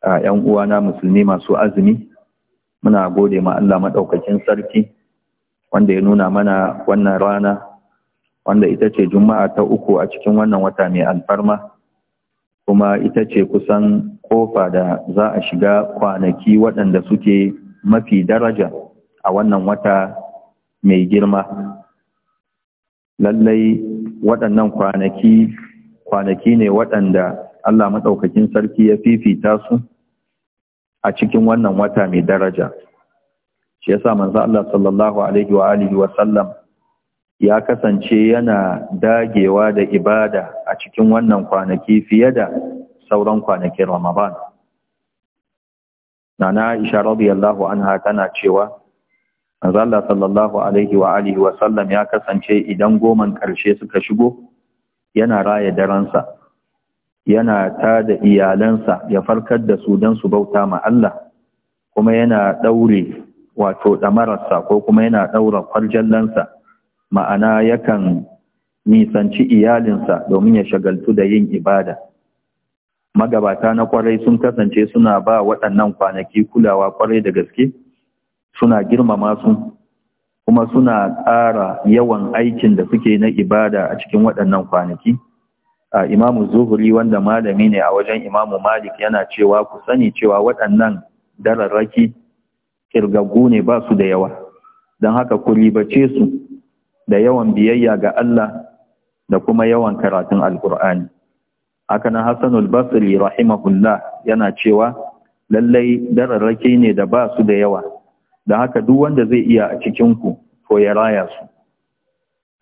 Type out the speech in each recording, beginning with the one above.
A ‘yan uwana musulmi masu azumi, muna gode ma Allah maɗaukakin sarki wanda ya nuna mana wannan rana, wanda ita ce Juma'a ta uku a cikin wannan wata mai alfarma, kuma ita ce kusan kofa da za a shiga kwanaki waɗanda suke mafi daraja a wannan wata mai girma. Lallai waɗannan kwanaki, kwanaki ne waɗanda Allah maɗaukakin sarki ya fifita su a cikin wannan wata mai daraja shi sa manzo Allah sallallahu alaihi wa alihi ya kasance yana dagewa da ibada a cikin wannan kwanaki fiye da sauran kwanakin Ramadan Nana Aisha radiyallahu anha tana cewa manzo Allah sallallahu alaihi wa alihi ya kasance idan goman ƙarshe suka shigo yana raya daransa yana ta da iyalansa ya farkar da su don su bauta ma Allah kuma yana ɗaure wato ɗamararsa ko kuma yana ɗaura kwarjallansa ma'ana yakan nisanci iyalinsa domin ya shagaltu da yin ibada magabata na kwarai sun kasance suna ba waɗannan kwanaki kulawa kwarai da gaske suna girmama su kuma suna ƙara yawan aikin da suke na ibada a cikin waɗannan kwanaki imamu zuhuri wanda malami ne a wajen imamu malik yana cewa ku sani cewa waɗannan dararraki kirgagu ne ba su da yawa don haka ku ribace su da yawan biyayya ga Allah da kuma yawan karatun alkur'ani haka nan hassanul basri rahimahullah yana cewa lallai dararraki ne da ba su da yawa don haka duk wanda zai iya a cikinku to ya raya su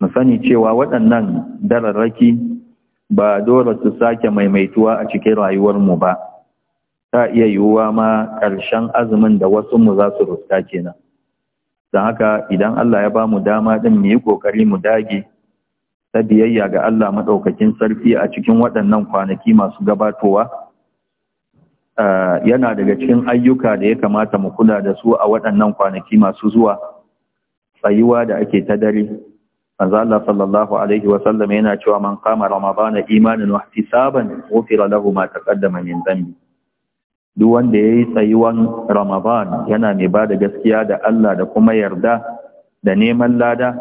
mu sani cewa waɗannan dararraki ba dole su sake maimaituwa a cikin rayuwarmu ba ta iya yiwuwa ma ƙarshen azumin da wasu mu za su ruska kenan don haka idan Allah ya ba mu dama din mu yi ƙoƙari mu dage ta biyayya ga Allah maɗaukakin sarki a cikin waɗannan kwanaki masu gabatowa yana daga cikin ayyuka da ya kamata mu kula da su a waɗannan kwanaki masu zuwa tsayuwa da ake ta dare manzo Allah sallallahu alaihi wa sallam yana cewa man qama ramadana imanan wa ihtisaban ghufira lahu ma taqaddama min dhanbi duk wanda yayi tsayuwan ramadan yana mai bada gaskiya da Allah da kuma yarda da neman lada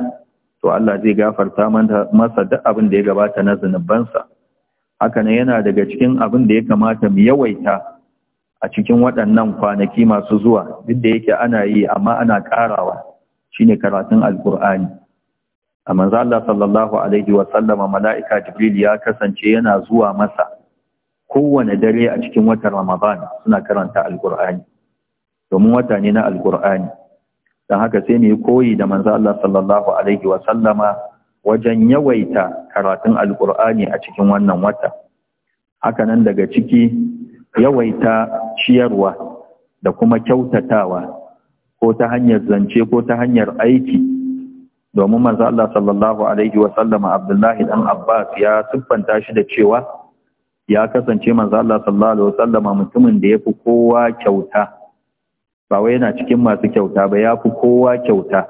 to Allah zai gafarta masa duk abin da ya gabata na zunubansa haka ne yana daga cikin abin da ya kamata mu yawaita a cikin waɗannan kwanaki masu zuwa duk da yake ana yi amma ana ƙarawa shine karatun alkur'ani a manzo Allah sallallahu alaihi wa sallama mala'ika Jibril ya kasance yana zuwa masa kowane dare a cikin watan Ramadan suna karanta alqur'ani domin wata ne na alqur'ani don haka sai ne koyi da manzo Allah sallallahu alaihi wa sallama wajen yawaita karatun alqur'ani a cikin wannan wata haka nan daga ciki yawaita ciyarwa da kuma kyautatawa ko ta hanyar zance ko ta hanyar aiki domin manzo Allah sallallahu alaihi wa sallam Abdullahi dan Abbas ya siffanta shi da cewa ya kasance manzo Allah sallallahu alaihi wa sallama mutumin da yafi kowa kyauta ba wai yana cikin masu kyauta ba yafi kowa kyauta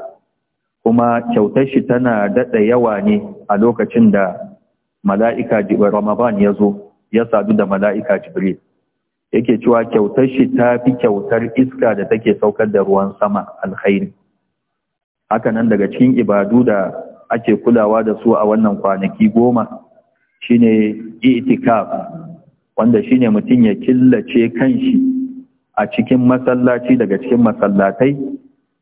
kuma kyautar shi tana dada yawa ne a lokacin da mala'ika Jibril Ramadan ya zo ya sadu da mala'ika Jibril yake cewa kyautar shi ta fi kyautar iska da take saukar da ruwan sama alkhairi haka nan daga cikin ibadu da ake kulawa da su a wannan kwanaki goma shine itikaf wanda shine mutum ya killace kanshi a cikin masallaci daga cikin masallatai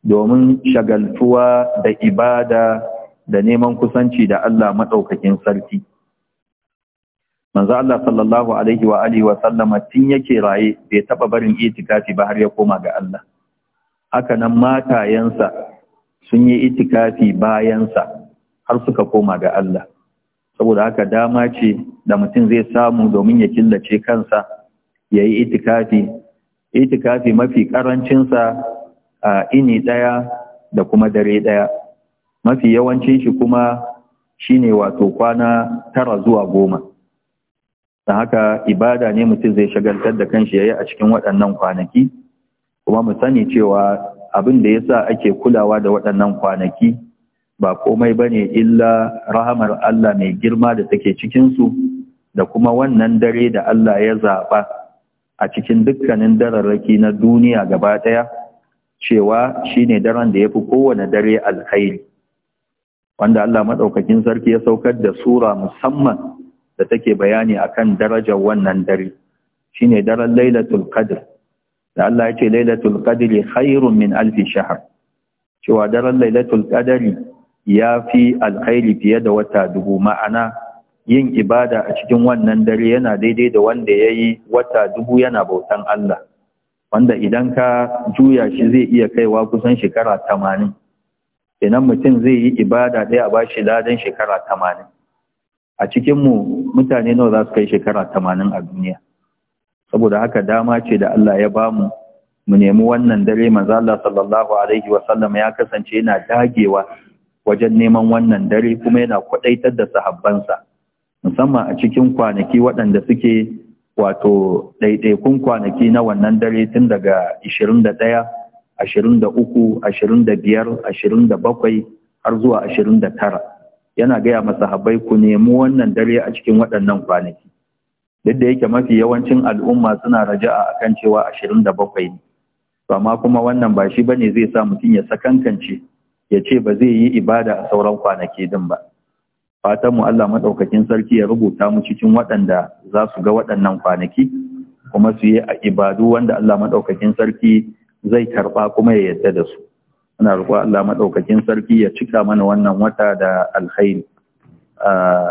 domin shagaltuwa da ibada da neman kusanci da Allah maɗaukakin sarki manzo Allah sallallahu alaihi wa alihi wa sallama tun yake raye bai taɓa barin itikafi ba har ya koma ga Allah haka nan matayensa sun yi itikafi bayansa har suka koma ga Allah saboda haka dama ce da mutum zai samu domin ya killace kansa ya yi itikafi itikafi mafi karancinsa a ini ɗaya da kuma dare ɗaya mafi yawancin shi kuma shine wato kwana tara zuwa goma da haka ibada ne mutum zai shagaltar da kanshi ya yi a cikin waɗannan kwanaki kuma mu sani cewa abin da ya sa ake kulawa da waɗannan kwanaki ba komai bane illa rahamar Allah mai girma da take cikin su da kuma wannan dare da Allah ya zaɓa a cikin dukkanin dararraki na duniya gaba ɗaya, cewa shine daren da yafi kowane dare alkhairi wanda Allah maɗaukakin sarki ya saukar da sura musamman da take bayani akan darajar wannan dare shine daren lailatul qadr da Allah ya ce lailatul qadri khairun min alfi shahr cewa daren lailatul qadri ya fi alkhairi fiye da wata dubu ma'ana yin ibada a cikin wannan dare yana daidai da wanda ya yi wata dubu yana bautan Allah wanda idan ka juya shi zai iya kaiwa kusan shekara tamanin idan mutum zai yi ibada ɗaya a bashi ladan shekara tamanin a cikinmu mutane nawa za su kai shekara tamanin a duniya saboda haka dama ce da Allah ya bamu mu nemi wannan dare manzo Allah sallallahu alaihi wa sallam ya kasance yana dagewa wajen neman wannan dare kuma yana kwadaitar da sahabbansa musamman a cikin kwanaki waɗanda suke wato ɗaiɗaikun kwanaki na wannan dare tun daga 21 23 25 27 har zuwa 29 yana gaya masahabai ku nemi wannan dare a cikin waɗannan kwanaki duk da yake mafi yawancin al'umma suna raja'a kan cewa 27 ne amma kuma wannan ba shi bane zai sa mutum ya sakankance ya ce ba zai yi ibada a sauran kwanaki din ba fatan mu Allah madaukakin sarki ya rubuta mu cikin waɗanda za su ga waɗannan kwanaki kuma su yi ibadu wanda Allah madaukakin sarki zai karba kuma ya yadda da su Ana roƙo Allah madaukakin sarki ya cika mana wannan wata da alkhairi ah,